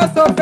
corazón